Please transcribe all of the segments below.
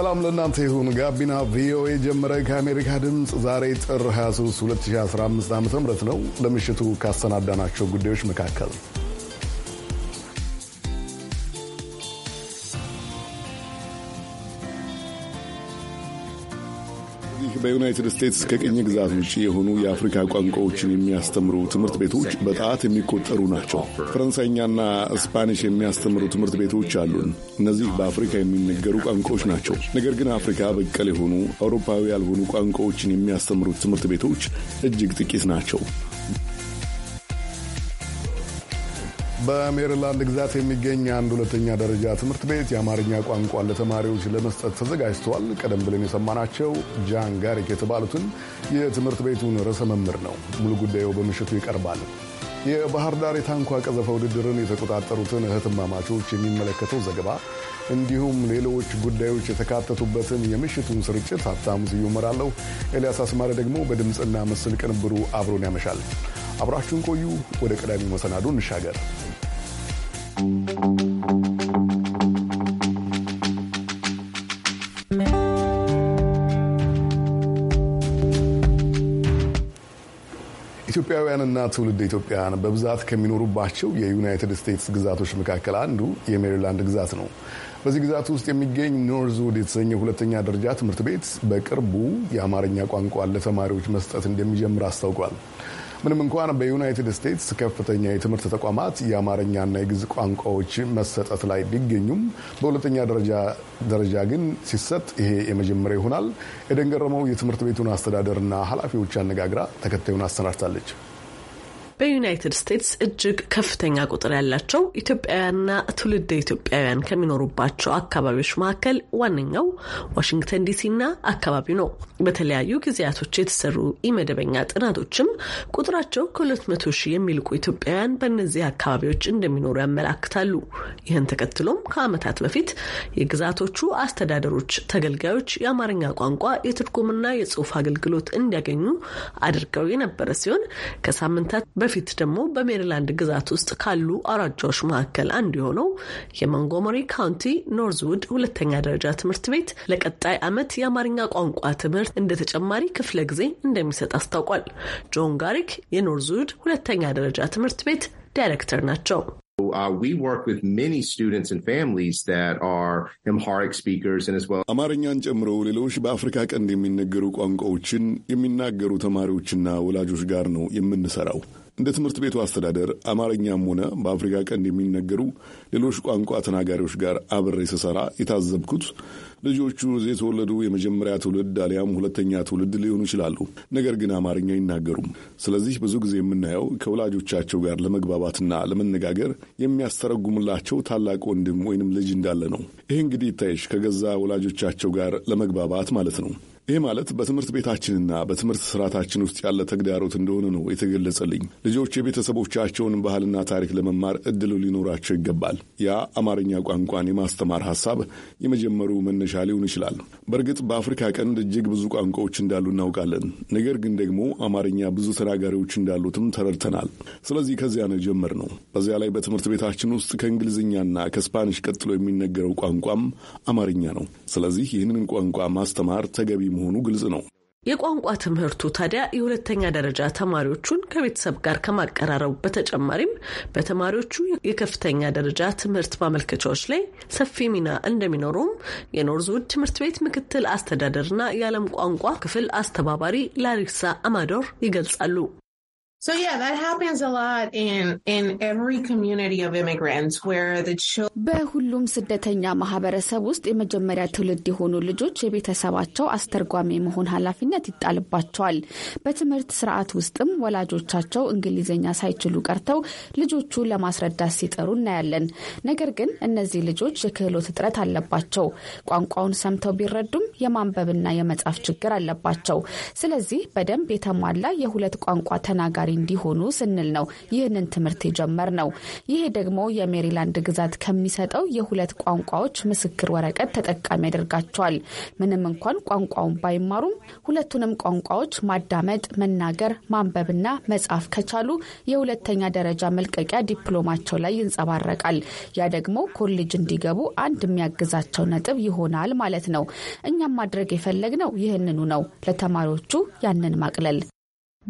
ሰላም ለእናንተ ይሁን። ጋቢና ቪኦኤ ጀመረ። ከአሜሪካ ድምፅ ዛሬ ጥር 23 2015 ዓ ም ነው። ለምሽቱ ካሰናዳናቸው ጉዳዮች መካከል በዩናይትድ ስቴትስ ከቅኝ ግዛት ውጭ የሆኑ የአፍሪካ ቋንቋዎችን የሚያስተምሩ ትምህርት ቤቶች በጣት የሚቆጠሩ ናቸው። ፈረንሳይኛና ስፓኒሽ የሚያስተምሩ ትምህርት ቤቶች አሉን። እነዚህ በአፍሪካ የሚነገሩ ቋንቋዎች ናቸው። ነገር ግን አፍሪካ በቀል የሆኑ አውሮፓዊ ያልሆኑ ቋንቋዎችን የሚያስተምሩት ትምህርት ቤቶች እጅግ ጥቂት ናቸው። በሜሪላንድ ግዛት የሚገኝ አንድ ሁለተኛ ደረጃ ትምህርት ቤት የአማርኛ ቋንቋን ለተማሪዎች ለመስጠት ተዘጋጅተዋል። ቀደም ብለን የሰማናቸው ጃን ጋሪክ የተባሉትን የትምህርት ቤቱን ርዕሰ መምህር ነው። ሙሉ ጉዳዩ በምሽቱ ይቀርባል። የባህር ዳር የታንኳ ቀዘፈ ውድድርን የተቆጣጠሩትን እህትማማቾች የሚመለከተው ዘገባ እንዲሁም ሌሎች ጉዳዮች የተካተቱበትን የምሽቱን ስርጭት ሀብታሙ ስዩም እመራለሁ። ኤልያስ አስማሪ ደግሞ በድምፅና ምስል ቅንብሩ አብሮን ያመሻል። አብራችሁን ቆዩ። ወደ ቀዳሚው መሰናዱ እንሻገር። ኢትዮጵያውያንና ትውልድ ኢትዮጵያውያን በብዛት ከሚኖሩባቸው የዩናይትድ ስቴትስ ግዛቶች መካከል አንዱ የሜሪላንድ ግዛት ነው። በዚህ ግዛት ውስጥ የሚገኝ ኖርዝውድ የተሰኘ ሁለተኛ ደረጃ ትምህርት ቤት በቅርቡ የአማርኛ ቋንቋ ለተማሪዎች መስጠት እንደሚጀምር አስታውቋል። ምንም እንኳን በዩናይትድ ስቴትስ ከፍተኛ የትምህርት ተቋማት የአማርኛና የግዕዝ ቋንቋዎች መሰጠት ላይ ቢገኙም በሁለተኛ ደረጃ ግን ሲሰጥ ይሄ የመጀመሪያ ይሆናል። የደንገረመው የትምህርት ቤቱን አስተዳደርና ኃላፊዎች አነጋግራ ተከታዩን አሰናድታለች። በዩናይትድ ስቴትስ እጅግ ከፍተኛ ቁጥር ያላቸው ኢትዮጵያውያንና ትውልደ ኢትዮጵያውያን ከሚኖሩባቸው አካባቢዎች መካከል ዋነኛው ዋሽንግተን ዲሲና አካባቢው ነው። በተለያዩ ጊዜያቶች የተሰሩ ኢመደበኛ ጥናቶችም ቁጥራቸው ከ200 ሺህ የሚልቁ ኢትዮጵያውያን በእነዚህ አካባቢዎች እንደሚኖሩ ያመላክታሉ። ይህን ተከትሎም ከዓመታት በፊት የግዛቶቹ አስተዳደሮች ተገልጋዮች የአማርኛ ቋንቋ የትርጉምና የጽሑፍ አገልግሎት እንዲያገኙ አድርገው የነበረ ሲሆን ከሳምንታት በ በፊት ደግሞ በሜሪላንድ ግዛት ውስጥ ካሉ አራጃዎች መካከል አንዱ የሆነው የመንጎመሪ ካውንቲ ኖርዝውድ ሁለተኛ ደረጃ ትምህርት ቤት ለቀጣይ ዓመት የአማርኛ ቋንቋ ትምህርት እንደ ተጨማሪ ክፍለ ጊዜ እንደሚሰጥ አስታውቋል። ጆን ጋሪክ የኖርዝውድ ሁለተኛ ደረጃ ትምህርት ቤት ዳይሬክተር ናቸው። uh, አማርኛን ጨምሮ ሌሎች በአፍሪካ ቀንድ የሚነገሩ ቋንቋዎችን የሚናገሩ ተማሪዎችና ወላጆች ጋር ነው የምንሰራው። እንደ ትምህርት ቤቱ አስተዳደር አማርኛም ሆነ በአፍሪካ ቀንድ የሚነገሩ ሌሎች ቋንቋ ተናጋሪዎች ጋር አብሬ ስሰራ የታዘብኩት ልጆቹ እዚህ የተወለዱ የመጀመሪያ ትውልድ አሊያም ሁለተኛ ትውልድ ሊሆኑ ይችላሉ፣ ነገር ግን አማርኛ አይናገሩም። ስለዚህ ብዙ ጊዜ የምናየው ከወላጆቻቸው ጋር ለመግባባትና ለመነጋገር የሚያስተረጉምላቸው ታላቅ ወንድም ወይንም ልጅ እንዳለ ነው። ይህ እንግዲህ ይታይሽ ከገዛ ወላጆቻቸው ጋር ለመግባባት ማለት ነው። ይህ ማለት በትምህርት ቤታችንና በትምህርት ስርዓታችን ውስጥ ያለ ተግዳሮት እንደሆነ ነው የተገለጸልኝ። ልጆች የቤተሰቦቻቸውን ባህልና ታሪክ ለመማር እድሉ ሊኖራቸው ይገባል። ያ አማርኛ ቋንቋን የማስተማር ሀሳብ የመጀመሩ መነሻ ሊሆን ይችላል። በእርግጥ በአፍሪካ ቀንድ እጅግ ብዙ ቋንቋዎች እንዳሉ እናውቃለን። ነገር ግን ደግሞ አማርኛ ብዙ ተናጋሪዎች እንዳሉትም ተረድተናል። ስለዚህ ከዚያ ነው የጀመርነው። በዚያ ላይ በትምህርት ቤታችን ውስጥ ከእንግሊዝኛና ከስፓኒሽ ቀጥሎ የሚነገረው ቋንቋም አማርኛ ነው። ስለዚህ ይህንን ቋንቋ ማስተማር ተገቢ መሆኑ ግልጽ ነው። የቋንቋ ትምህርቱ ታዲያ የሁለተኛ ደረጃ ተማሪዎቹን ከቤተሰብ ጋር ከማቀራረቡ በተጨማሪም በተማሪዎቹ የከፍተኛ ደረጃ ትምህርት ማመልከቻዎች ላይ ሰፊ ሚና እንደሚኖሩም የኖርዝውድ ትምህርት ቤት ምክትል አስተዳደርና የዓለም ቋንቋ ክፍል አስተባባሪ ላሪሳ አማዶር ይገልጻሉ። So yeah, that happens a lot in in every community of immigrants where the children በሁሉም ስደተኛ ማህበረሰብ ውስጥ የመጀመሪያ ትውልድ የሆኑ ልጆች የቤተሰባቸው አስተርጓሚ መሆን ኃላፊነት ይጣልባቸዋል። በትምህርት ስርዓት ውስጥም ወላጆቻቸው እንግሊዝኛ ሳይችሉ ቀርተው ልጆቹ ለማስረዳት ሲጠሩ እናያለን። ነገር ግን እነዚህ ልጆች የክህሎት እጥረት አለባቸው። ቋንቋውን ሰምተው ቢረዱም የማንበብና የመጻፍ ችግር አለባቸው። ስለዚህ በደንብ የተሟላ የሁለት ቋንቋ ተናጋሪ ተወዳዳሪ እንዲሆኑ ስንል ነው ይህንን ትምህርት የጀመር ነው። ይሄ ደግሞ የሜሪላንድ ግዛት ከሚሰጠው የሁለት ቋንቋዎች ምስክር ወረቀት ተጠቃሚ ያደርጋቸዋል። ምንም እንኳን ቋንቋውን ባይማሩም ሁለቱንም ቋንቋዎች ማዳመጥ፣ መናገር፣ ማንበብና መጻፍ ከቻሉ የሁለተኛ ደረጃ መልቀቂያ ዲፕሎማቸው ላይ ይንጸባረቃል። ያ ደግሞ ኮሌጅ እንዲገቡ አንድ የሚያግዛቸው ነጥብ ይሆናል ማለት ነው። እኛም ማድረግ የፈለግነው ይህንኑ ነው፣ ለተማሪዎቹ ያንን ማቅለል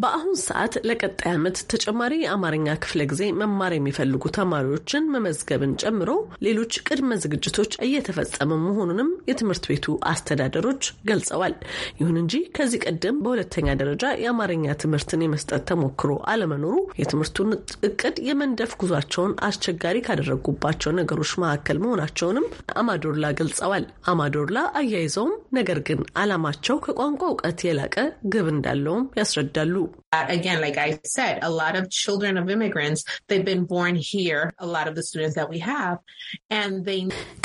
በአሁን ሰዓት ለቀጣይ ዓመት ተጨማሪ የአማርኛ ክፍለ ጊዜ መማር የሚፈልጉ ተማሪዎችን መመዝገብን ጨምሮ ሌሎች ቅድመ ዝግጅቶች እየተፈጸመ መሆኑንም የትምህርት ቤቱ አስተዳደሮች ገልጸዋል። ይሁን እንጂ ከዚህ ቀደም በሁለተኛ ደረጃ የአማርኛ ትምህርትን የመስጠት ተሞክሮ አለመኖሩ የትምህርቱን እቅድ የመንደፍ ጉዟቸውን አስቸጋሪ ካደረጉባቸው ነገሮች መካከል መሆናቸውንም አማዶርላ ገልጸዋል። አማዶርላ አያይዘውም ነገር ግን ዓላማቸው ከቋንቋ እውቀት የላቀ ግብ እንዳለውም ያስረዳሉ። group. Uh, Again, like I said, a lot of children of immigrants, they've been born here, a lot of the students that we have, and they...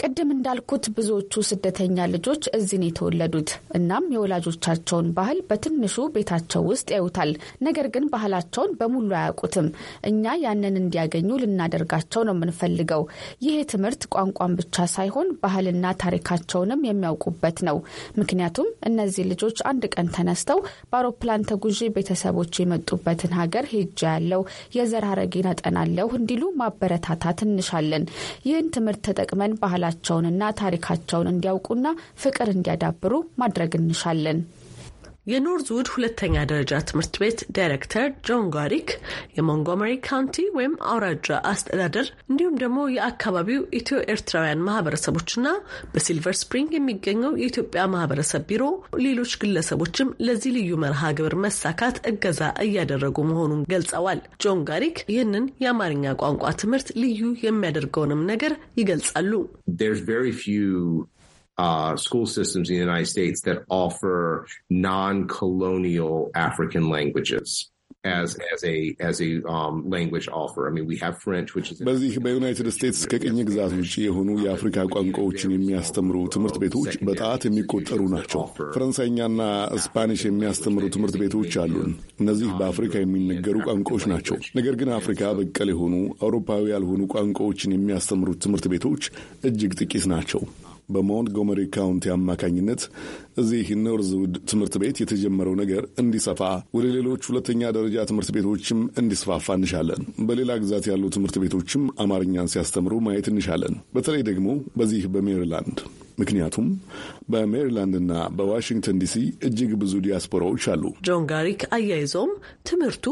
ቅድም እንዳልኩት ብዙዎቹ ስደተኛ ልጆች እዚህ ነው የተወለዱት። እናም የወላጆቻቸውን ባህል በትንሹ ቤታቸው ውስጥ ያዩታል። ነገር ግን ባህላቸውን በሙሉ አያውቁትም። እኛ ያንን እንዲያገኙ ልናደርጋቸው ነው የምንፈልገው። ይህ ትምህርት ቋንቋን ብቻ ሳይሆን ባህልና ታሪካቸውንም የሚያውቁበት ነው። ምክንያቱም እነዚህ ልጆች አንድ ቀን ተነስተው በአውሮፕላን ተጉዢ ቤተሰብ ቤተሰቦች የመጡበትን ሀገር ሄጃ ያለው የዘር ሐረጌን አጠናለሁ እንዲሉ ማበረታታት እንሻለን። ይህን ትምህርት ተጠቅመን ባህላቸውንና ታሪካቸውን እንዲያውቁና ፍቅር እንዲያዳብሩ ማድረግ እንሻለን። የኖርዝውድ ሁለተኛ ደረጃ ትምህርት ቤት ዳይሬክተር ጆን ጋሪክ የሞንጎመሪ ካውንቲ ወይም አውራጃ አስተዳደር እንዲሁም ደግሞ የአካባቢው ኢትዮ ኤርትራውያን ማህበረሰቦችና በሲልቨር ስፕሪንግ የሚገኘው የኢትዮጵያ ማህበረሰብ ቢሮ ሌሎች ግለሰቦችም ለዚህ ልዩ መርሃ ግብር መሳካት እገዛ እያደረጉ መሆኑን ገልጸዋል። ጆን ጋሪክ ይህንን የአማርኛ ቋንቋ ትምህርት ልዩ የሚያደርገውንም ነገር ይገልጻሉ። uh, school systems in the United States that offer non-colonial African languages as as a as a um, language offer. I mean, we have French, which is በዚህ በዩናይትድ ስቴትስ ከቅኝ ግዛቶች የሆኑ የአፍሪካ ቋንቋዎችን የሚያስተምሩ ትምህርት ቤቶች በጣት የሚቆጠሩ ናቸው። ፈረንሳይኛና ስፓኒሽ የሚያስተምሩ ትምህርት ቤቶች አሉን። እነዚህ በአፍሪካ የሚነገሩ ቋንቋዎች ናቸው። ነገር ግን አፍሪካ በቀል የሆኑ አውሮፓዊ ያልሆኑ ቋንቋዎችን የሚያስተምሩት ትምህርት ቤቶች እጅግ ጥቂት ናቸው። በሞንትጎመሪ ካውንቲ አማካኝነት እዚህ ኖርዝውድ ትምህርት ቤት የተጀመረው ነገር እንዲሰፋ ወደ ሌሎች ሁለተኛ ደረጃ ትምህርት ቤቶችም እንዲስፋፋ እንሻለን። በሌላ ግዛት ያሉ ትምህርት ቤቶችም አማርኛን ሲያስተምሩ ማየት እንሻለን። በተለይ ደግሞ በዚህ በሜሪላንድ ምክንያቱም በሜሪላንድና በዋሽንግተን ዲሲ እጅግ ብዙ ዲያስፖራዎች አሉ። ጆን ጋሪክ አያይዘውም ትምህርቱ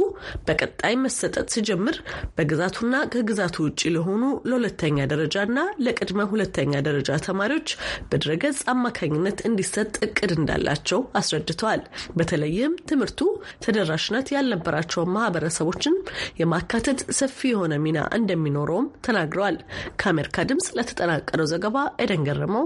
በቀጣይ መሰጠት ሲጀምር በግዛቱና ከግዛቱ ውጭ ለሆኑ ለሁለተኛ ደረጃና ለቅድመ ሁለተኛ ደረጃ ተማሪዎች በድረገጽ አማካኝነት እንዲሰጥ እቅድ እንዳላቸው አስረድተዋል። በተለይም ትምህርቱ ተደራሽነት ያልነበራቸውን ማህበረሰቦችን የማካተት ሰፊ የሆነ ሚና እንደሚኖረውም ተናግረዋል። ከአሜሪካ ድምጽ ለተጠናቀረው ዘገባ ኤደን ገረመው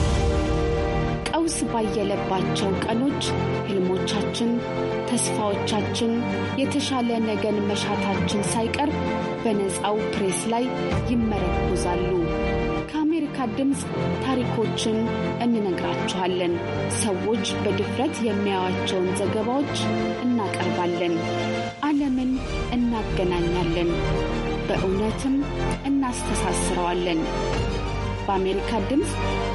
ሸምስ ባየለባቸው ቀኖች ሕልሞቻችን፣ ተስፋዎቻችን፣ የተሻለ ነገን መሻታችን ሳይቀር በነፃው ፕሬስ ላይ ይመረኮዛሉ። ከአሜሪካ ድምፅ ታሪኮችን እንነግራችኋለን። ሰዎች በድፍረት የሚያዩዋቸውን ዘገባዎች እናቀርባለን። ዓለምን እናገናኛለን፣ በእውነትም እናስተሳስረዋለን። በአሜሪካ ድምፅ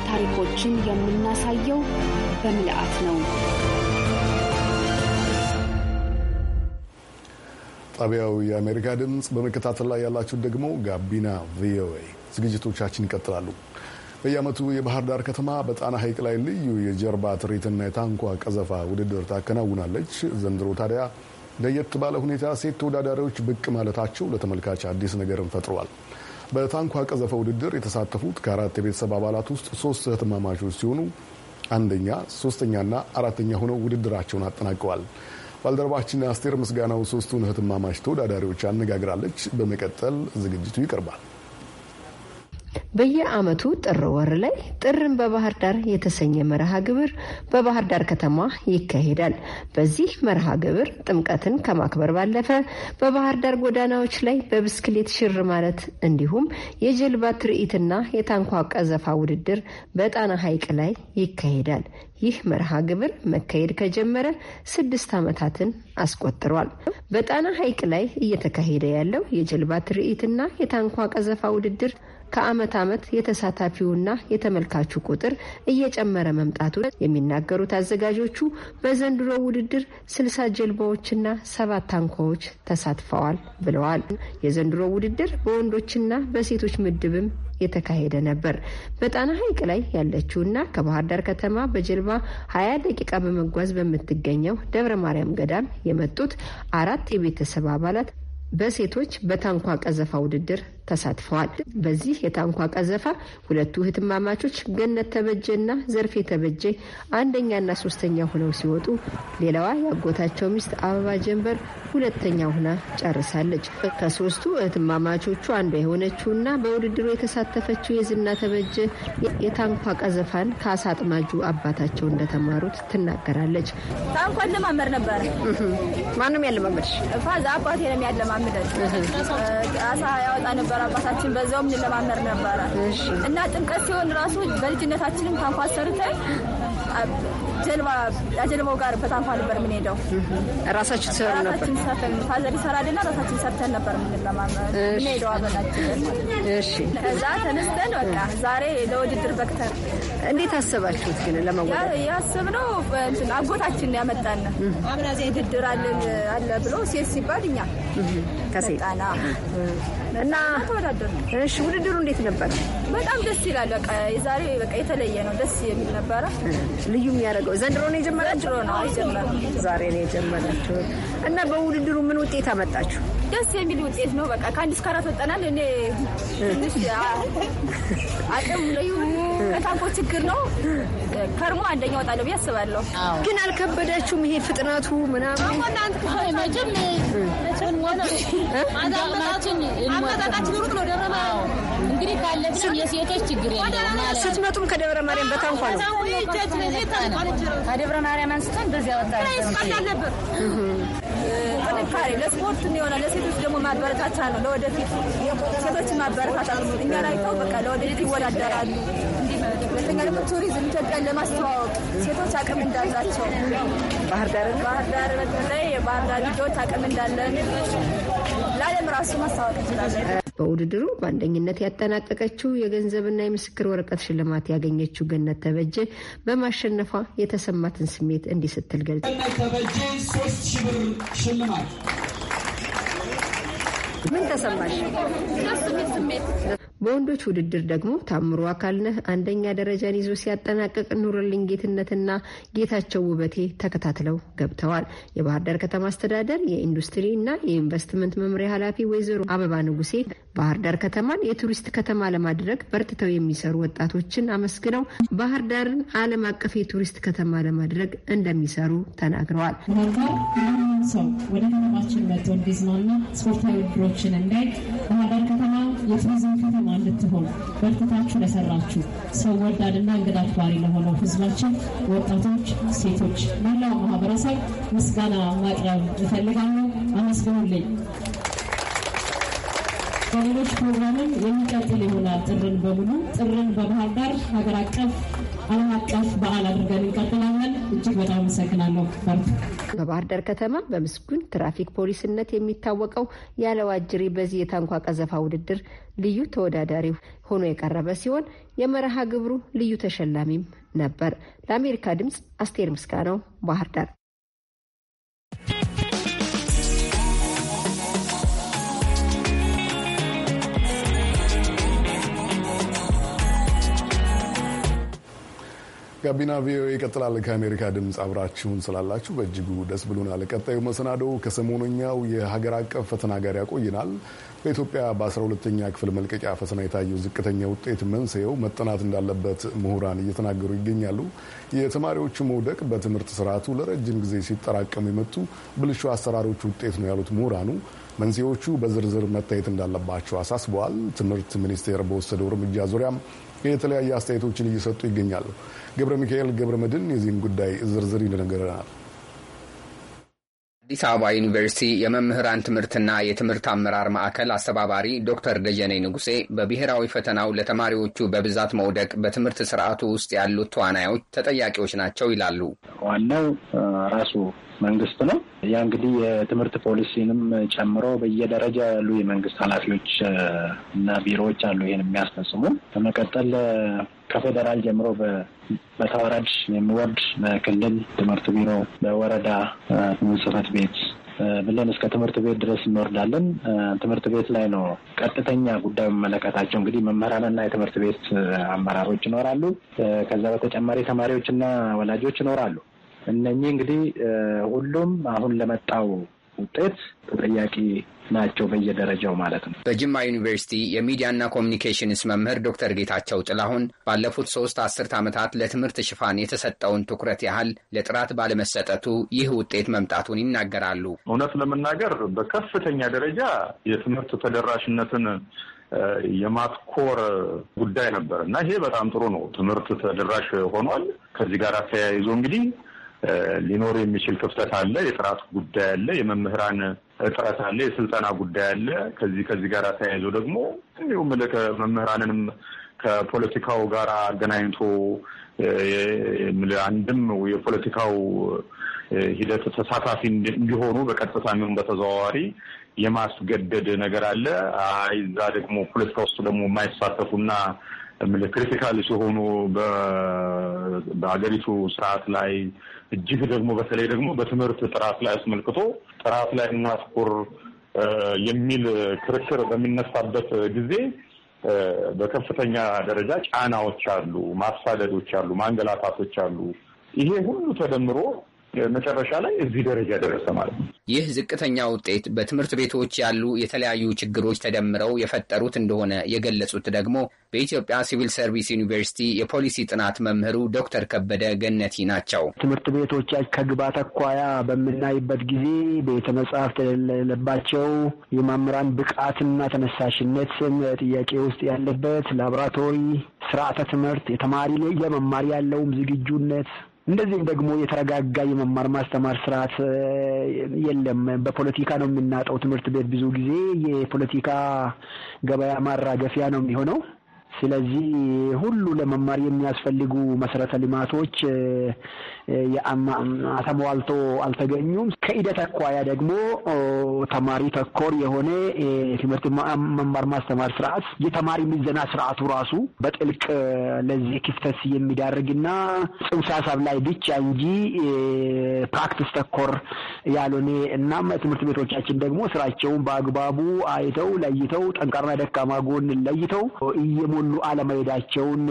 ታሪኮችን የምናሳየው በምልአት ነው። ጣቢያው የአሜሪካ ድምፅ በመከታተል ላይ ያላችሁ ደግሞ ጋቢና ቪኦኤ ዝግጅቶቻችን ይቀጥላሉ። በየዓመቱ የባህር ዳር ከተማ በጣና ሐይቅ ላይ ልዩ የጀርባ ትርኢትና የታንኳ ቀዘፋ ውድድር ታከናውናለች። ዘንድሮ ታዲያ ለየት ባለ ሁኔታ ሴት ተወዳዳሪዎች ብቅ ማለታቸው ለተመልካች አዲስ ነገርን ፈጥረዋል። በታንኳ ቀዘፈ ውድድር የተሳተፉት ከአራት የቤተሰብ አባላት ውስጥ ሶስት እህትማማቾች ሲሆኑ አንደኛ፣ ሶስተኛና አራተኛ ሆነው ውድድራቸውን አጠናቀዋል። ባልደረባችን አስቴር ምስጋናው ሶስቱን እህትማማች ተወዳዳሪዎች አነጋግራለች። በመቀጠል ዝግጅቱ ይቀርባል። በየዓመቱ ጥር ወር ላይ ጥርን በባህር ዳር የተሰኘ መርሃ ግብር በባህር ዳር ከተማ ይካሄዳል። በዚህ መርሃ ግብር ጥምቀትን ከማክበር ባለፈ በባህር ዳር ጎዳናዎች ላይ በብስክሌት ሽር ማለት እንዲሁም የጀልባ ትርኢትና የታንኳ ቀዘፋ ውድድር በጣና ሐይቅ ላይ ይካሄዳል። ይህ መርሃ ግብር መካሄድ ከጀመረ ስድስት ዓመታትን አስቆጥሯል። በጣና ሐይቅ ላይ እየተካሄደ ያለው የጀልባ ትርኢትና የታንኳ ቀዘፋ ውድድር ከአመት አመት የተሳታፊውና የተመልካቹ ቁጥር እየጨመረ መምጣቱ የሚናገሩት አዘጋጆቹ በዘንድሮ ውድድር ስልሳ ጀልባዎችና ሰባት ታንኳዎች ተሳትፈዋል ብለዋል። የዘንድሮ ውድድር በወንዶችና በሴቶች ምድብም የተካሄደ ነበር። በጣና ሐይቅ ላይ ያለችውና ከባህር ዳር ከተማ በጀልባ ሀያ ደቂቃ በመጓዝ በምትገኘው ደብረ ማርያም ገዳም የመጡት አራት የቤተሰብ አባላት በሴቶች በታንኳ ቀዘፋ ውድድር ተሳትፈዋል። በዚህ የታንኳ ቀዘፋ ሁለቱ እህትማማቾች ገነት ተበጀና ዘርፌ ተበጀ አንደኛና ሶስተኛ ሆነው ሲወጡ፣ ሌላዋ ያጎታቸው ሚስት አበባ ጀንበር ሁለተኛ ሆና ጨርሳለች። ከሶስቱ እህትማማቾቹ አንዷ የሆነችውና በውድድሩ የተሳተፈችው የዝና ተበጀ የታንኳ ቀዘፋን ከአሳጥማጁ አባታቸው እንደተማሩት ትናገራለች። ታንኳ እንለማመድ ነበር። ማንም ያለማመድ አባቴ ነው የሚያለማምደን አሳ ያወጣ ነበር ነበር አባታችን፣ በዛውም እንለማመር ነበረ እና ጥምቀት ሲሆን ራሱ በልጅነታችንም ታንኳ ሰርተን ጀልባው ጋር በታንኳ ነበር የምንሄደው። ራሳችን ሰሩ ነበር ፋዘር ይሰራልና ራሳችን ሰርተን ነበር የምንለማመር የምንሄደው አበላችን። ከዛ ተነስተን በቃ ዛሬ ለውድድር በቅተን እንዴት አሰባችሁት ግን ለመወዳደር? ያሰብነው አጎታችን ያመጣን ውድድር አለ ብሎ ሴት ሲባል እኛ ከሴት እና እሺ፣ ውድድሩ እንዴት ነበር? በጣም ደስ ይላል። በቃ የዛሬ በቃ የተለየ ነው፣ ደስ የሚል ነበረ። ልዩ የሚያደርገው ዘንድሮ ነው የጀመራችሁ? ዛሬ ነው የጀመራችሁ። እና በውድድሩ ምን ውጤት አመጣችሁ? ደስ የሚል ውጤት ነው። በቃ ከአንድ እስከ አራት ወጠናል። እኔ አቅም ልዩ ከታንኮ ችግር ነው ከርሞ አንደኛ ወጣለሁ ብዬ አስባለሁ። ግን አልከበዳችሁም? ይሄ ፍጥነቱ ምናምን አመጣጣችን ሩቅ ነው። ስትመጡም ከደብረ ማርያም በታንኳ ነው። ከደብረ ማርያም አንስተን በዚያ ጥንካሬ ለስፖርት የሚሆነ ለሴቶች ደግሞ ማበረታቻ ነው። ለወደፊት ሴቶችን ማበረታቻ ነው። እኛን አይተው በቃ ለወደፊት ይወዳደራሉ። ሁለተኛ ደግሞ ቱሪዝም ኢትዮጵያን ለማስተዋወቅ ሴቶች አቅም እንዳላቸው ባህር ዳር ባህር ዳር በተለይ የባህር ዳር ልጆች አቅም እንዳለን ለዓለም ራሱ ማስታወቅ እንችላለን። በውድድሩ በአንደኝነት ያጠናቀቀችው የገንዘብና የምስክር ወረቀት ሽልማት ያገኘችው ገነት ተበጀ በማሸነፏ የተሰማትን ስሜት እንዲህ ስትል ገልጽ ተበጀ ሶስት ሺህ ብር ሽልማት ምን ተሰማሽ? በወንዶች ውድድር ደግሞ ታምሮ አካልነህ አንደኛ ደረጃን ይዞ ሲያጠናቅቅ ኑርልኝ ጌትነትና ጌታቸው ውበቴ ተከታትለው ገብተዋል። የባህር ዳር ከተማ አስተዳደር የኢንዱስትሪ እና የኢንቨስትመንት መምሪያ ኃላፊ ወይዘሮ አበባ ንጉሴ ባህር ዳር ከተማን የቱሪስት ከተማ ለማድረግ በርትተው የሚሰሩ ወጣቶችን አመስግነው ባህር ዳርን ዓለም አቀፍ የቱሪስት ከተማ ለማድረግ እንደሚሰሩ ተናግረዋል። ሰው ወደ ከተማችን መጥቶ እንዲዝናና ስፖርታዊ ውድድሮችን እንዳይ ባህር ዳር ከተማ የቱሪዝም ከተማ እንድትሆን በርትታችሁ ለሰራችሁ ሰው ወዳድና እንግዳ አክባሪ ለሆነው ህዝባችን፣ ወጣቶች፣ ሴቶች፣ መላው ማህበረሰብ ምስጋና ማቅረብ እፈልጋለሁ። አመስግኑልኝ። በሌሎች ፕሮግራምም የሚቀጥል ይሆናል። ጥርን በሙሉ ጥርን በባህር ዳር ሀገር አቀፍ ዓለም አቀፍ በዓል አድርገን እንቀጥላለን። እጅግ በጣም አመሰግናለሁ። በርቱ። በባህር ዳር ከተማ በምስጉን ትራፊክ ፖሊስነት የሚታወቀው ያለው በዚህ የታንኳ ቀዘፋ ውድድር ልዩ ተወዳዳሪ ሆኖ የቀረበ ሲሆን የመርሃ ግብሩ ልዩ ተሸላሚም ነበር። ለአሜሪካ ድምፅ አስቴር ምስጋናው ባህር ዳር። ጋቢና ቪኦኤ ይቀጥላል። ከአሜሪካ ድምፅ አብራችሁን ስላላችሁ በእጅጉ ደስ ብሎናል። ቀጣዩ መሰናዶው ከሰሞነኛው የሀገር አቀፍ ፈተና ጋር ያቆይናል። በኢትዮጵያ በ12ኛ ክፍል መልቀቂያ ፈተና የታየው ዝቅተኛ ውጤት መንስኤው መጠናት እንዳለበት ምሁራን እየተናገሩ ይገኛሉ። የተማሪዎቹ መውደቅ በትምህርት ስርዓቱ ለረጅም ጊዜ ሲጠራቀሙ የመጡ ብልሹ አሰራሮች ውጤት ነው ያሉት ምሁራኑ መንስኤዎቹ በዝርዝር መታየት እንዳለባቸው አሳስበዋል። ትምህርት ሚኒስቴር በወሰደው እርምጃ ዙሪያም የተለያዩ አስተያየቶችን እየሰጡ ይገኛሉ። ገብረ ሚካኤል ገብረ መድን የዚህን ጉዳይ ዝርዝር ይነገረናል። አዲስ አበባ ዩኒቨርሲቲ የመምህራን ትምህርትና የትምህርት አመራር ማዕከል አስተባባሪ ዶክተር ደጀኔ ንጉሴ በብሔራዊ ፈተናው ለተማሪዎቹ በብዛት መውደቅ በትምህርት ስርዓቱ ውስጥ ያሉት ተዋናዮች ተጠያቂዎች ናቸው ይላሉ። ዋናው ራሱ መንግስት ነው። ያ እንግዲህ የትምህርት ፖሊሲንም ጨምሮ በየደረጃ ያሉ የመንግስት ኃላፊዎች እና ቢሮዎች አሉ ይህን የሚያስፈጽሙ። በመቀጠል ከፌዴራል ጀምሮ በተወረድ የሚወርድ በክልል ትምህርት ቢሮ፣ በወረዳ ጽህፈት ቤት ብለን እስከ ትምህርት ቤት ድረስ እንወርዳለን። ትምህርት ቤት ላይ ነው ቀጥተኛ ጉዳይ መመለከታቸው እንግዲህ መምህራንና የትምህርት ቤት አመራሮች ይኖራሉ። ከዛ በተጨማሪ ተማሪዎችና ወላጆች ይኖራሉ። እነኚህ እንግዲህ ሁሉም አሁን ለመጣው ውጤት ተጠያቂ ናቸው በየደረጃው ማለት ነው። በጅማ ዩኒቨርሲቲ የሚዲያና ኮሚኒኬሽንስ መምህር ዶክተር ጌታቸው ጥላሁን ባለፉት ሶስት አስርት ዓመታት ለትምህርት ሽፋን የተሰጠውን ትኩረት ያህል ለጥራት ባለመሰጠቱ ይህ ውጤት መምጣቱን ይናገራሉ። እውነት ለመናገር በከፍተኛ ደረጃ የትምህርት ተደራሽነትን የማትኮር ጉዳይ ነበር እና ይሄ በጣም ጥሩ ነው። ትምህርት ተደራሽ ሆኗል። ከዚህ ጋር ተያይዞ እንግዲህ ሊኖር የሚችል ክፍተት አለ፣ የጥራት ጉዳይ አለ፣ የመምህራን እጥረት አለ፣ የስልጠና ጉዳይ አለ። ከዚህ ከዚህ ጋር ተያይዞ ደግሞ እንዲሁም መምህራንንም ከፖለቲካው ጋር አገናኝቶ አንድም የፖለቲካው ሂደት ተሳታፊ እንዲሆኑ በቀጥታ የሚሆን በተዘዋዋሪ የማስገደድ ነገር አለ። አይ እዛ ደግሞ ፖለቲካ ውስጥ ደግሞ የማይሳተፉና ክሪቲካል ሲሆኑ በሀገሪቱ ስርዓት ላይ እጅግ ደግሞ በተለይ ደግሞ በትምህርት ጥራት ላይ አስመልክቶ ጥራት ላይ እናስኩር የሚል ክርክር በሚነሳበት ጊዜ በከፍተኛ ደረጃ ጫናዎች አሉ፣ ማሳደዶች አሉ፣ ማንገላታቶች አሉ። ይሄ ሁሉ ተደምሮ መጨረሻ ላይ እዚህ ደረጃ ደረሰ ማለት ነው። ይህ ዝቅተኛ ውጤት በትምህርት ቤቶች ያሉ የተለያዩ ችግሮች ተደምረው የፈጠሩት እንደሆነ የገለጹት ደግሞ በኢትዮጵያ ሲቪል ሰርቪስ ዩኒቨርሲቲ የፖሊሲ ጥናት መምህሩ ዶክተር ከበደ ገነቲ ናቸው። ትምህርት ቤቶች ከግባት አኳያ በምናይበት ጊዜ ቤተ መጻሕፍት የሌለባቸው፣ የመምህራን ብቃትና ተነሳሽነት ጥያቄ ውስጥ ያለበት ላቦራቶሪ፣ ስርዓተ ትምህርት የተማሪ የመማር ያለውም ዝግጁነት እንደዚህም ደግሞ የተረጋጋ የመማር ማስተማር ስርዓት የለም። በፖለቲካ ነው የምናጠው። ትምህርት ቤት ብዙ ጊዜ የፖለቲካ ገበያ ማራገፊያ ነው የሚሆነው። ስለዚህ ሁሉ ለመማር የሚያስፈልጉ መሰረተ ልማቶች ተሟልቶ አልተገኙም። ከሂደት አኳያ ደግሞ ተማሪ ተኮር የሆነ ትምህርት መማር ማስተማር ስርዓት የተማሪ ምዘና ስርዓቱ ራሱ በጥልቅ ለዚህ ክፍተት የሚዳርግና ጽንሰ ሀሳብ ላይ ብቻ እንጂ ፕራክቲስ ተኮር ያልሆነ እናም ትምህርት ቤቶቻችን ደግሞ ስራቸውን በአግባቡ አይተው ለይተው ጠንካራና ደካማ ጎን ለይተው እየሞሉ አለመሄዳቸውን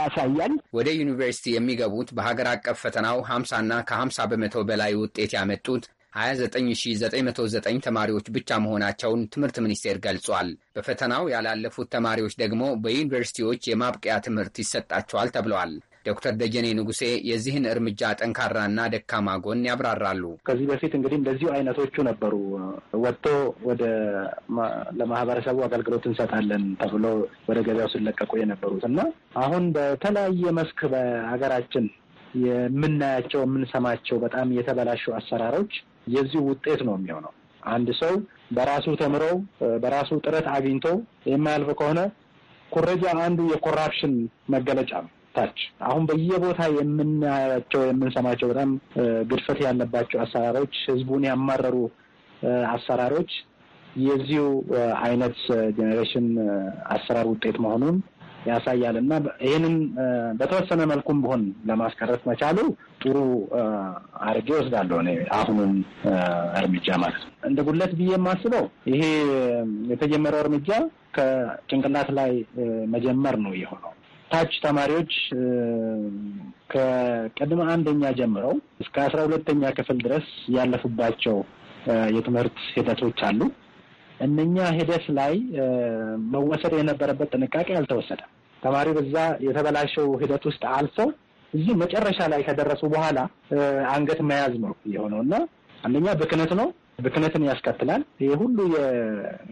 ያሳያል። ወደ ዩኒቨርሲቲ የሚገቡት በሀገር አቀፍ ፈተና በፈተናው 50ና ከ50 በመቶ በላይ ውጤት ያመጡት 29909 ተማሪዎች ብቻ መሆናቸውን ትምህርት ሚኒስቴር ገልጿል። በፈተናው ያላለፉት ተማሪዎች ደግሞ በዩኒቨርሲቲዎች የማብቂያ ትምህርት ይሰጣቸዋል ተብለዋል። ዶክተር ደጀኔ ንጉሴ የዚህን እርምጃ ጠንካራና ደካማ ጎን ያብራራሉ። ከዚህ በፊት እንግዲህ እንደዚሁ አይነቶቹ ነበሩ። ወጥቶ ወደ ለማህበረሰቡ አገልግሎት እንሰጣለን ተብሎ ወደ ገበያው ሲለቀቁ የነበሩት እና አሁን በተለያየ መስክ በሀገራችን የምናያቸው የምንሰማቸው በጣም የተበላሹ አሰራሮች የዚህ ውጤት ነው የሚሆነው። አንድ ሰው በራሱ ተምሮ በራሱ ጥረት አግኝቶ የማያልፍ ከሆነ ኩረጃ አንዱ የኮራፕሽን መገለጫ ነው። ታች አሁን በየቦታ የምናያቸው የምንሰማቸው በጣም ግድፈት ያለባቸው አሰራሮች፣ ህዝቡን ያማረሩ አሰራሮች የዚሁ አይነት ጄኔሬሽን አሰራር ውጤት መሆኑን ያሳያል እና ይህንን በተወሰነ መልኩም ቢሆን ለማስቀረት መቻሉ ጥሩ አድርጌ ወስዳለሁ። እኔ አሁኑን እርምጃ ማለት ነው እንደ ጉለት ብዬ የማስበው ይሄ የተጀመረው እርምጃ ከጭንቅላት ላይ መጀመር ነው የሆነው። ታች ተማሪዎች ከቅድመ አንደኛ ጀምረው እስከ አስራ ሁለተኛ ክፍል ድረስ ያለፉባቸው የትምህርት ሂደቶች አሉ። እነኛ ሂደት ላይ መወሰድ የነበረበት ጥንቃቄ አልተወሰደም። ተማሪ በዛ የተበላሸው ሂደት ውስጥ አልፈው እዚህ መጨረሻ ላይ ከደረሱ በኋላ አንገት መያዝ ነው የሆነው እና አንደኛ ብክነት ነው፣ ብክነትን ያስከትላል። ይህ ሁሉ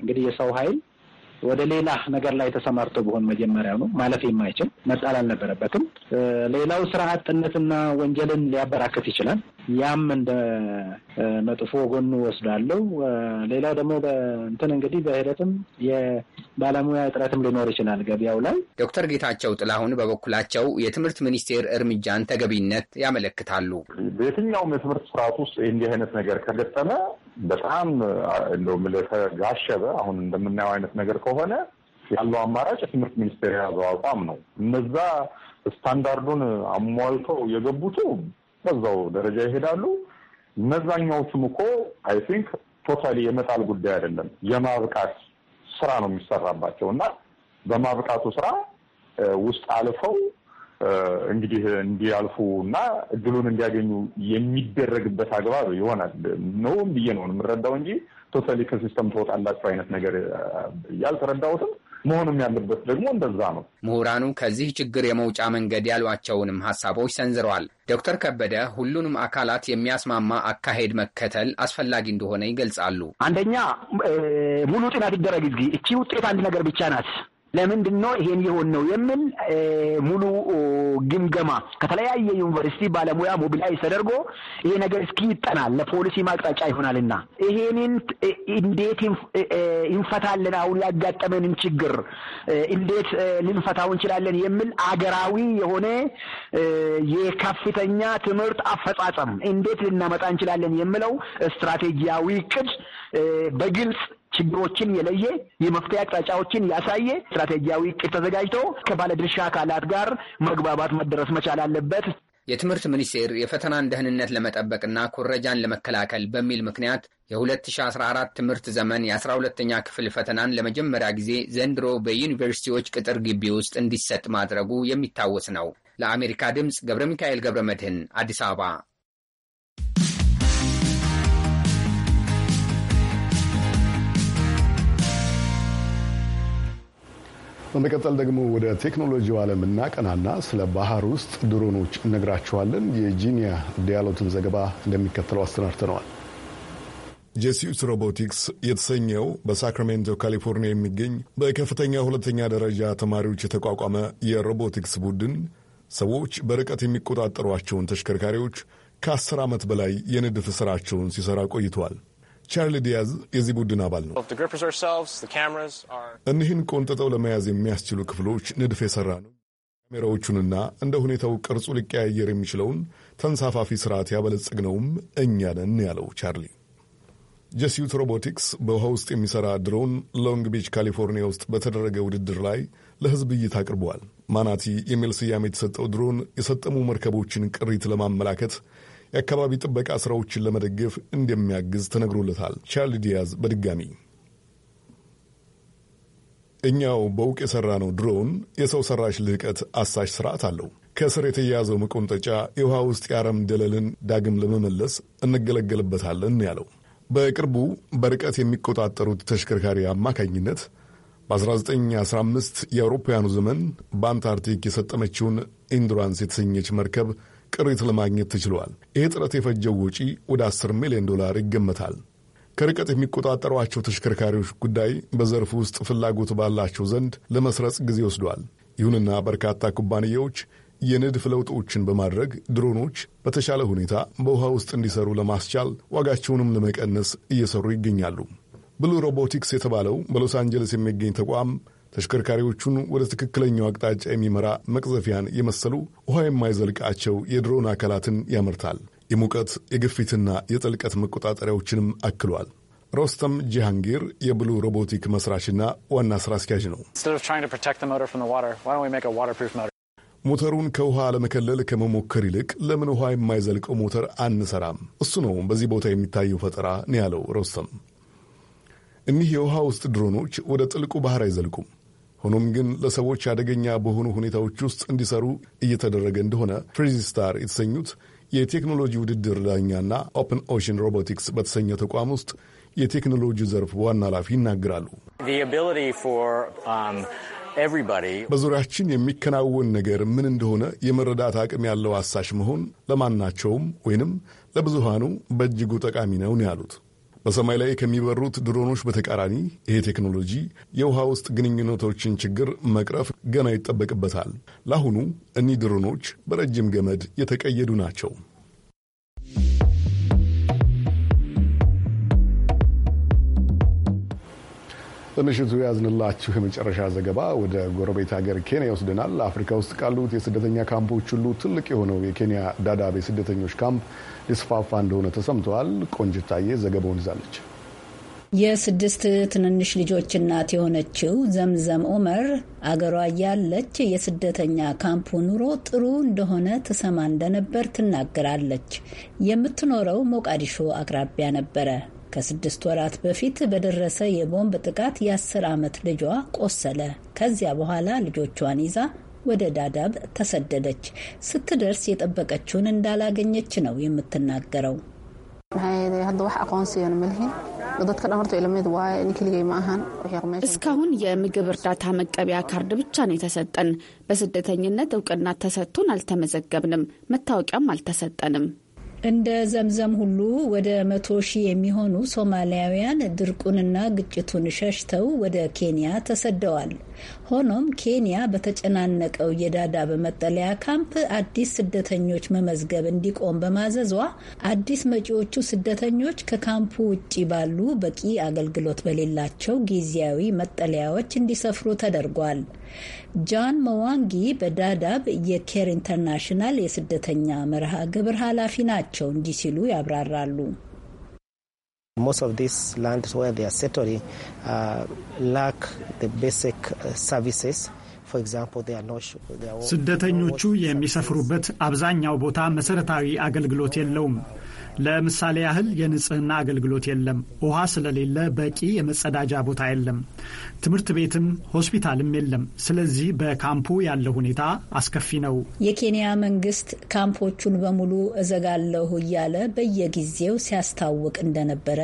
እንግዲህ የሰው ኃይል ወደ ሌላ ነገር ላይ ተሰማርቶ ቢሆን መጀመሪያ ነው ማለፍ የማይችል መጣል አልነበረበትም። ሌላው ስራ አጥነትና ወንጀልን ሊያበራክት ይችላል። ያም እንደ መጥፎ ጎኑ ወስዳለው። ሌላው ደግሞ እንትን እንግዲህ በሂደትም የባለሙያ እጥረትም ሊኖር ይችላል ገበያው ላይ። ዶክተር ጌታቸው ጥላሁን በበኩላቸው የትምህርት ሚኒስቴር እርምጃን ተገቢነት ያመለክታሉ። በየትኛውም የትምህርት ስርዓት ውስጥ እንዲህ አይነት ነገር ከገጠመ በጣም እንደውም ለተጋሸበ አሁን እንደምናየው አይነት ነገር ከሆነ ያለው አማራጭ የትምህርት ሚኒስቴር የያዘው አቋም ነው። እነዛ ስታንዳርዱን አሟልተው የገቡቱ እዛው ደረጃ ይሄዳሉ። መዛኛዎቹም እኮ አይ ቲንክ ቶታሊ የመጣል ጉዳይ አይደለም፣ የማብቃት ስራ ነው የሚሰራባቸው እና በማብቃቱ ስራ ውስጥ አልፈው እንግዲህ እንዲያልፉ እና እድሉን እንዲያገኙ የሚደረግበት አግባብ ይሆናል ነውም ብዬ ነው የምረዳው እንጂ ቶታሊ ከሲስተም ተወጣላቸው አይነት ነገር እያልተረዳሁትም። መሆንም ያለበት ደግሞ እንደዛ ነው። ምሁራኑ ከዚህ ችግር የመውጫ መንገድ ያሏቸውንም ሀሳቦች ሰንዝረዋል። ዶክተር ከበደ ሁሉንም አካላት የሚያስማማ አካሄድ መከተል አስፈላጊ እንደሆነ ይገልጻሉ። አንደኛ ሙሉ ጥናት ይደረግ። እቺ ውጤት አንድ ነገር ብቻ ናት። ለምንድን ነው ይሄን የሆን ነው የሚል ሙሉ ግምገማ ከተለያየ ዩኒቨርሲቲ ባለሙያ ሞቢላይዝ ተደርጎ ይሄ ነገር እስኪ ይጠናል ለፖሊሲ ማቅጣጫ ይሆናልና ይሄንን እንዴት እንፈታለን፣ አሁን ያጋጠመንን ችግር እንዴት ልንፈታው እንችላለን የሚል አገራዊ የሆነ የከፍተኛ ትምህርት አፈጻጸም እንዴት ልናመጣ እንችላለን የሚለው ስትራቴጂያዊ ቅድ በግልጽ ችግሮችን የለየ የመፍትሄ አቅጣጫዎችን ያሳየ ስትራቴጂያዊ እቅድ ተዘጋጅቶ ከባለድርሻ አካላት ጋር መግባባት መደረስ መቻል አለበት። የትምህርት ሚኒስቴር የፈተናን ደህንነት ለመጠበቅና ኩረጃን ለመከላከል በሚል ምክንያት የ2014 ትምህርት ዘመን የ 12 ኛ ክፍል ፈተናን ለመጀመሪያ ጊዜ ዘንድሮ በዩኒቨርሲቲዎች ቅጥር ግቢ ውስጥ እንዲሰጥ ማድረጉ የሚታወስ ነው። ለአሜሪካ ድምፅ ገብረ ሚካኤል ገብረ መድህን አዲስ አበባ በመቀጠል ደግሞ ወደ ቴክኖሎጂው ዓለም እናቀናና ስለ ባህር ውስጥ ድሮኖች እነግራችኋለን። የጂኒያ ዲያሎትን ዘገባ እንደሚከተለው አሰናድተነዋል። ጄሲዩስ ሮቦቲክስ የተሰኘው በሳክራሜንቶ ካሊፎርኒያ የሚገኝ በከፍተኛ ሁለተኛ ደረጃ ተማሪዎች የተቋቋመ የሮቦቲክስ ቡድን ሰዎች በርቀት የሚቆጣጠሯቸውን ተሽከርካሪዎች ከአስር ዓመት በላይ የንድፍ ሥራቸውን ሲሠራ ቆይተዋል። ቻርሊ ዲያዝ የዚህ ቡድን አባል ነው። እኒህን ቆንጥጠው ለመያዝ የሚያስችሉ ክፍሎች ንድፍ የሠራ ነው። ካሜራዎቹንና እንደ ሁኔታው ቅርጹ ሊቀያየር የሚችለውን ተንሳፋፊ ስርዓት ያበለጸግነውም እኛ ነን ያለው ቻርሊ። ጀስዩት ሮቦቲክስ በውሃ ውስጥ የሚሠራ ድሮን ሎንግ ቢች ካሊፎርኒያ ውስጥ በተደረገ ውድድር ላይ ለሕዝብ እይታ አቅርበዋል። ማናቲ የሚል ስያሜ የተሰጠው ድሮን የሰጠሙ መርከቦችን ቅሪት ለማመላከት የአካባቢ ጥበቃ ስራዎችን ለመደገፍ እንደሚያግዝ ተነግሮለታል። ቻርሊ ዲያዝ በድጋሚ እኛው በውቅ የሠራነው ድሮን የሰው ሠራሽ ልህቀት አሳሽ ስርዓት አለው። ከስር የተያያዘው መቆንጠጫ የውሃ ውስጥ የአረም ደለልን ዳግም ለመመለስ እንገለገልበታለን ያለው በቅርቡ በርቀት የሚቆጣጠሩት ተሽከርካሪ አማካኝነት በ1915 የአውሮፓውያኑ ዘመን በአንታርክቲክ የሰጠመችውን ኢንዱራንስ የተሰኘች መርከብ ቅሪት ለማግኘት ተችሏል። ይህ ጥረት የፈጀው ውጪ ወደ 10 ሚሊዮን ዶላር ይገመታል። ከርቀት የሚቆጣጠሯቸው ተሽከርካሪዎች ጉዳይ በዘርፉ ውስጥ ፍላጎት ባላቸው ዘንድ ለመስረጽ ጊዜ ወስዷል። ይሁንና በርካታ ኩባንያዎች የንድፍ ለውጦችን በማድረግ ድሮኖች በተሻለ ሁኔታ በውሃ ውስጥ እንዲሰሩ ለማስቻል ዋጋቸውንም ለመቀነስ እየሰሩ ይገኛሉ። ብሉ ሮቦቲክስ የተባለው በሎስ አንጀለስ የሚገኝ ተቋም ተሽከርካሪዎቹን ወደ ትክክለኛው አቅጣጫ የሚመራ መቅዘፊያን የመሰሉ ውሃ የማይዘልቃቸው የድሮን አካላትን ያመርታል። የሙቀት የግፊትና የጥልቀት መቆጣጠሪያዎችንም አክሏል። ሮስተም ጂሃንጊር የብሉ ሮቦቲክ መስራችና ዋና ስራ አስኪያጅ ነው። ሞተሩን ከውሃ ለመከለል ከመሞከር ይልቅ ለምን ውሃ የማይዘልቀው ሞተር አንሰራም? እሱ ነው በዚህ ቦታ የሚታየው ፈጠራ ነው ያለው ሮስተም። እኒህ የውሃ ውስጥ ድሮኖች ወደ ጥልቁ ባህር አይዘልቁም። ሆኖም ግን ለሰዎች አደገኛ በሆኑ ሁኔታዎች ውስጥ እንዲሰሩ እየተደረገ እንደሆነ ፍሪዚ ስታር የተሰኙት የቴክኖሎጂ ውድድር ዳኛና ኦፕን ኦሽን ሮቦቲክስ በተሰኘ ተቋም ውስጥ የቴክኖሎጂ ዘርፍ ዋና ኃላፊ ይናገራሉ። um, በዙሪያችን የሚከናወን ነገር ምን እንደሆነ የመረዳት አቅም ያለው አሳሽ መሆን ለማናቸውም ወይንም ለብዙሃኑ በእጅጉ ጠቃሚ ነው ያሉት በሰማይ ላይ ከሚበሩት ድሮኖች በተቃራኒ ይሄ ቴክኖሎጂ የውሃ ውስጥ ግንኙነቶችን ችግር መቅረፍ ገና ይጠበቅበታል። ለአሁኑ እኒህ ድሮኖች በረጅም ገመድ የተቀየዱ ናቸው። ለምሽቱ ያዝንላችሁ የመጨረሻ ዘገባ ወደ ጎረቤት ሀገር ኬንያ ይወስደናል። አፍሪካ ውስጥ ካሉት የስደተኛ ካምፖች ሁሉ ትልቅ የሆነው የኬንያ ዳዳቤ ስደተኞች ካምፕ ሊስፋፋ እንደሆነ ተሰምተዋል። ቆንጅታዬ ዘገባውን ይዛለች። የስድስት ትንንሽ ልጆች እናት የሆነችው ዘምዘም ኦመር አገሯ ያለች የስደተኛ ካምፑ ኑሮ ጥሩ እንደሆነ ትሰማ እንደነበር ትናገራለች። የምትኖረው ሞቃዲሾ አቅራቢያ ነበረ። ከስድስት ወራት በፊት በደረሰ የቦምብ ጥቃት የአስር ዓመት ልጇ ቆሰለ። ከዚያ በኋላ ልጆቿን ይዛ ወደ ዳዳብ ተሰደደች። ስትደርስ የጠበቀችውን እንዳላገኘች ነው የምትናገረው። እስካሁን የምግብ እርዳታ መቀበያ ካርድ ብቻ ነው የተሰጠን። በስደተኝነት እውቅና ተሰጥቶን አልተመዘገብንም፣ መታወቂያም አልተሰጠንም። እንደ ዘምዘም ሁሉ ወደ መቶ ሺህ የሚሆኑ ሶማሊያውያን ድርቁንና ግጭቱን ሸሽተው ወደ ኬንያ ተሰደዋል። ሆኖም ኬንያ በተጨናነቀው የዳዳብ መጠለያ ካምፕ አዲስ ስደተኞች መመዝገብ እንዲቆም በማዘዟ አዲስ መጪዎቹ ስደተኞች ከካምፑ ውጭ ባሉ በቂ አገልግሎት በሌላቸው ጊዜያዊ መጠለያዎች እንዲሰፍሩ ተደርጓል። ጃን መዋንጊ በዳዳብ የኬር ኢንተርናሽናል የስደተኛ መርሃ ግብር ኃላፊ ናቸው። እንዲህ ሲሉ ያብራራሉ። Most of these lands where they are settling uh, lack the basic uh, services. ስደተኞቹ የሚሰፍሩበት አብዛኛው ቦታ መሰረታዊ አገልግሎት የለውም። ለምሳሌ ያህል የንጽህና አገልግሎት የለም፣ ውሃ ስለሌለ በቂ የመጸዳጃ ቦታ የለም፣ ትምህርት ቤትም ሆስፒታልም የለም። ስለዚህ በካምፑ ያለው ሁኔታ አስከፊ ነው። የኬንያ መንግስት ካምፖቹን በሙሉ እዘጋለሁ እያለ በየጊዜው ሲያስታውቅ እንደነበረ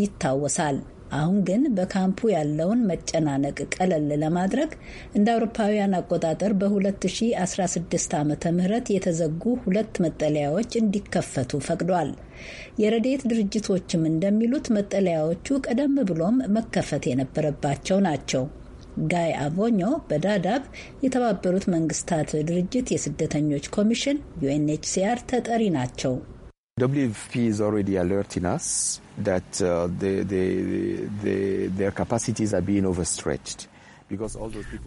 ይታወሳል። አሁን ግን በካምፑ ያለውን መጨናነቅ ቀለል ለማድረግ እንደ አውሮፓውያን አቆጣጠር በ2016 ዓ ም የተዘጉ ሁለት መጠለያዎች እንዲከፈቱ ፈቅዷል። የረዴት ድርጅቶችም እንደሚሉት መጠለያዎቹ ቀደም ብሎም መከፈት የነበረባቸው ናቸው። ጋይ አቮኞ በዳዳብ የተባበሩት መንግስታት ድርጅት የስደተኞች ኮሚሽን ዩኤንኤችሲአር ተጠሪ ናቸው። WFP is already alerting us that uh, their capacities are being overstretched.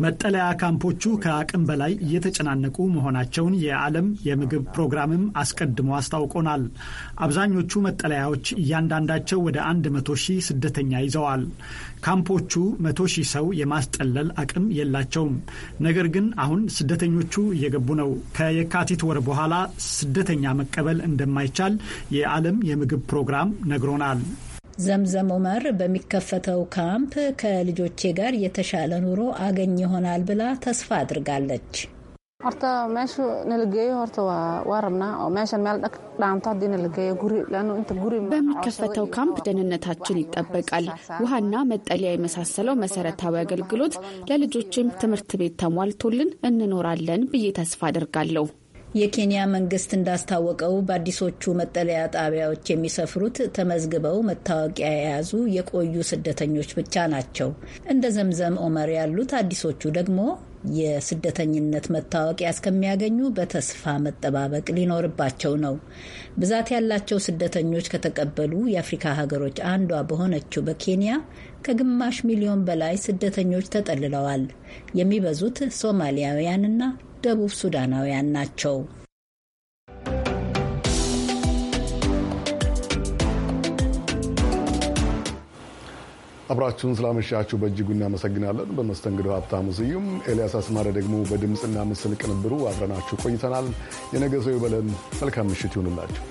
መጠለያ ካምፖቹ ከአቅም በላይ እየተጨናነቁ መሆናቸውን የዓለም የምግብ ፕሮግራምም አስቀድሞ አስታውቆናል። አብዛኞቹ መጠለያዎች እያንዳንዳቸው ወደ አንድ መቶ ሺህ ስደተኛ ይዘዋል። ካምፖቹ መቶ ሺህ ሰው የማስጠለል አቅም የላቸውም። ነገር ግን አሁን ስደተኞቹ እየገቡ ነው። ከየካቲት ወር በኋላ ስደተኛ መቀበል እንደማይቻል የዓለም የምግብ ፕሮግራም ነግሮናል። ዘምዘም ኡመር በሚከፈተው ካምፕ ከልጆቼ ጋር የተሻለ ኑሮ አገኝ ይሆናል ብላ ተስፋ አድርጋለች። በሚከፈተው ካምፕ ደህንነታችን ይጠበቃል። ውሃና መጠለያ የመሳሰለው መሰረታዊ አገልግሎት ለልጆችም ትምህርት ቤት ተሟልቶልን እንኖራለን ብዬ ተስፋ አድርጋለሁ። የኬንያ መንግስት እንዳስታወቀው በአዲሶቹ መጠለያ ጣቢያዎች የሚሰፍሩት ተመዝግበው መታወቂያ የያዙ የቆዩ ስደተኞች ብቻ ናቸው። እንደ ዘምዘም ኦመር ያሉት አዲሶቹ ደግሞ የስደተኝነት መታወቂያ እስከሚያገኙ በተስፋ መጠባበቅ ሊኖርባቸው ነው። ብዛት ያላቸው ስደተኞች ከተቀበሉ የአፍሪካ ሀገሮች አንዷ በሆነችው በኬንያ ከግማሽ ሚሊዮን በላይ ስደተኞች ተጠልለዋል። የሚበዙት ሶማሊያውያንና ደቡብ ሱዳናውያን ናቸው። አብራችሁን ስላመሻችሁ በእጅጉ እናመሰግናለን። በመስተንግዶ ሀብታሙ ስዩም፣ ኤልያስ አስማረ ደግሞ በድምፅና ምስል ቅንብሩ አብረናችሁ ቆይተናል። የነገ ሰው ይበለን። መልካም ምሽት ይሁንላችሁ።